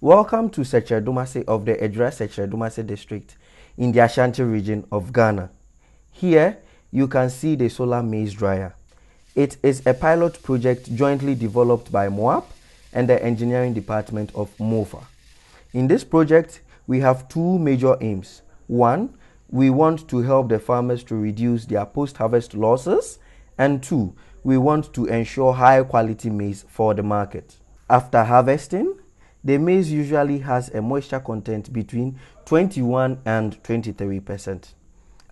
Welcome to Sechedomase of the Edra Sechedomase district in the Ashanti region of Ghana. Here, you can see the solar maize dryer. It is a pilot project jointly developed by MOAP and the engineering department of MOFA. In this project, we have two major aims. One, we want to help the farmers to reduce their post-harvest losses. And two, we want to ensure high quality maize for the market. After harvesting, the maize usually has a moisture content between 21 and 23%.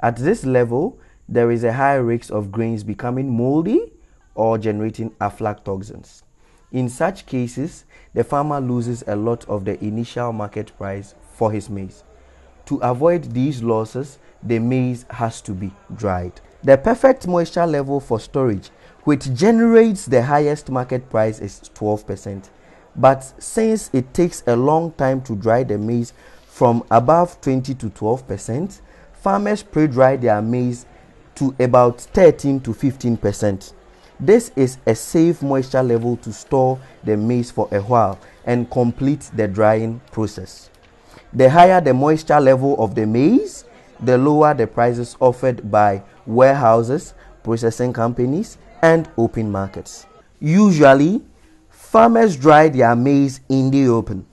At this level, there is a high risk of grains becoming moldy or generating aflatoxins. In such cases, the farmer loses a lot of the initial market price for his maize. To avoid these losses, the maize has to be dried. The perfect moisture level for storage, which generates the highest market price, is 12%. But since it takes a long time to dry the maize from above 20 to 12 percent, farmers pre-dry their maize to about 13 to 15 percent. This is a safe moisture level to store the maize for a while and complete the drying process. The higher the moisture level of the maize, the lower the prices offered by warehouses, processing companies, and open markets. Usually, Farmers dry their maize in the open.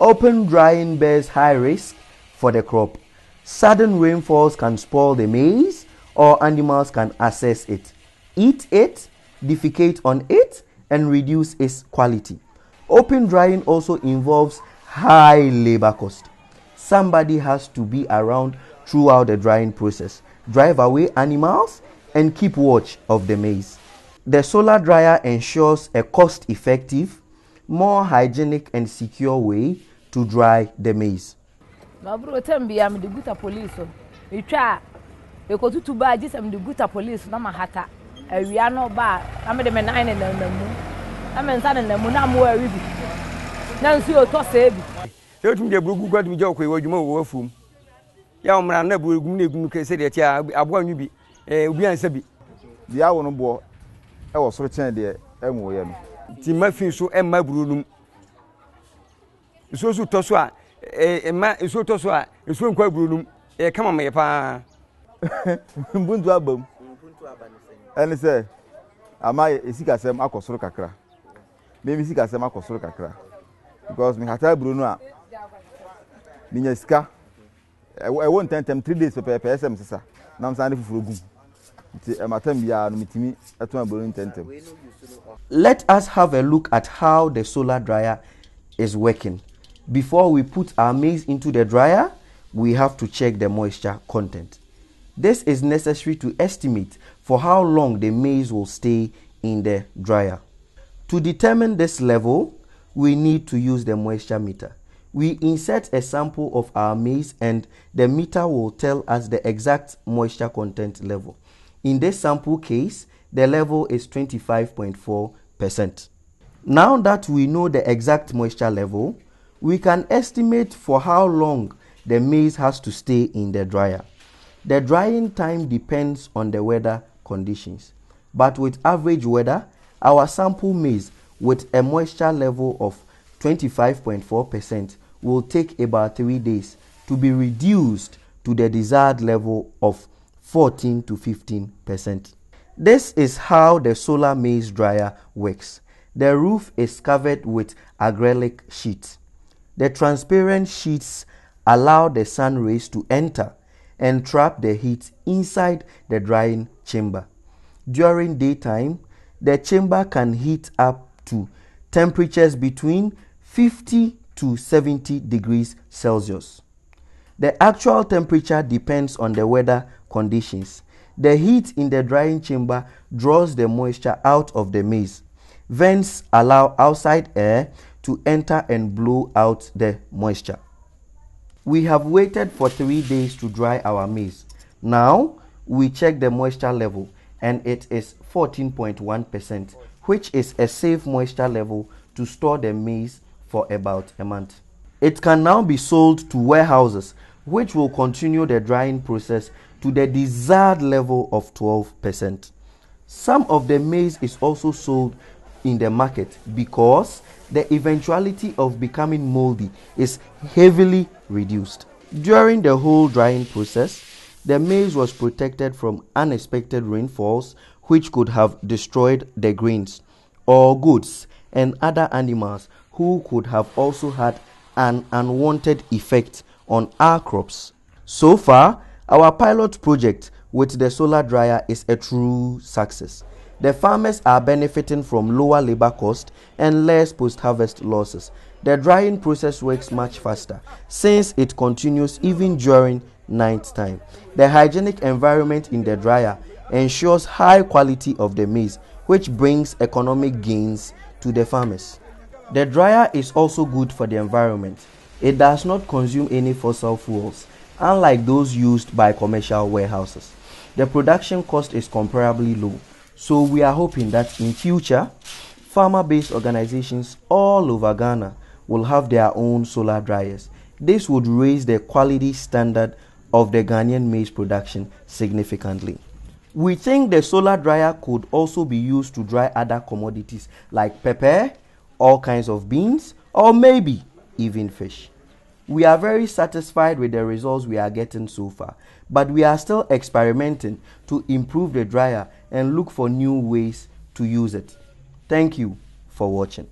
Open drying bears high risk for the crop. Sudden rainfalls can spoil the maize or animals can access it, eat it, defecate on it, and reduce its quality. Open drying also involves high labor cost. Somebody has to be around throughout the drying process, drive away animals, and keep watch of the maize. The solar dryer ensures a cost-effective, more hygienic and secure way to dry the maize. Mabro tembi ya mde guta police. Itwa ekotutu ba gisa mde guta police na mahata. Awia no ba na mde me nine na na mu. Na me nsa na mu na mu awi bi. Na nsu otɔ sɛ bi. Sɛ otum de burugu gwa dum je okoyi wadwuma wo afum. Ya omra na burugu na egum kɛ sɛ de tia aboa nyu bi. Eh obi ansa bi. Dia wo no boɔ ɛwɔ soro kyɛn deɛ ɛnwo yɛ no nti mma fi so ɛmma buru num nsuo so tɔ so a ɛɛ mma nsuo tɔ so a nsuo nkɔ aburu num ɛyɛ kama mɛ paa. mbuntu aba mu ɛne sɛ ama esi kasɛm akɔ soro kakra mɛmi si kasɛm akɔ soro kakra because mihata aburu no a minya sika ɛwɔ ntɛntɛm three days pɛpɛɛpɛ ɛsɛm sisa nam saa ne foforɔ gum. Eh, uh, Let us have a look at how the solar dryer is working. Before we put our maize into the dryer, we have to check the moisture content. This is necessary to estimate for how long the maize will stay in the dryer. To determine this level, we need to use the moisture meter. We insert a sample of our maize and the meter will tell us the exact moisture content level. In this sample case, the level is 25.4%. Now that we know the exact moisture level, we can estimate for how long the maize has to stay in the dryer. The drying time depends on the weather conditions, but with average weather, our sample maize with a moisture level of 25.4% will take about 3 days to be reduced to the desired level of 14 to 15 percent. This is how the solar maize dryer works. The roof is covered with acrylic sheets. The transparent sheets allow the sun rays to enter and trap the heat inside the drying chamber. During daytime, the chamber can heat up to temperatures between 50 to 70 degrees Celsius. The actual temperature depends on the weather conditions. The heat in the drying chamber draws the moisture out of the maize. Vents allow outside air to enter and blow out the moisture. We have waited for three days to dry our maize. Now we check the moisture level and it is 14.1%, which is a safe moisture level to store the maize for about a month. It can now be sold to warehouses, which will continue the drying process to the desired level of 12%. Some of the maize is also sold in the market because the eventuality of becoming moldy is heavily reduced. During the whole drying process, the maize was protected from unexpected rainfalls which could have destroyed the grains or goods and other animals who could have also had an unwanted effect on our crops. So far, our pilot project with the solar dryer is a true success. The farmers are benefiting from lower labor cost and less post-harvest losses. The drying process works much faster since it continues even during night time. The hygienic environment in the dryer ensures high quality of the maize which brings economic gains to the farmers. The dryer is also good for the environment. It does not consume any fossil fuels unlike those used by commercial warehouses. The production cost is comparably low, so we are hoping that in future, farmer-based organizations all over Ghana will have their own solar dryers. This would raise the quality standard of the Ghanaian maize production significantly. We think the solar dryer could also be used to dry other commodities like pepper, all kinds of beans, or maybe even fish. We are very satisfied with the results we are getting so far, but we are still experimenting to improve the dryer and look for new ways to use it. Thank you for watching.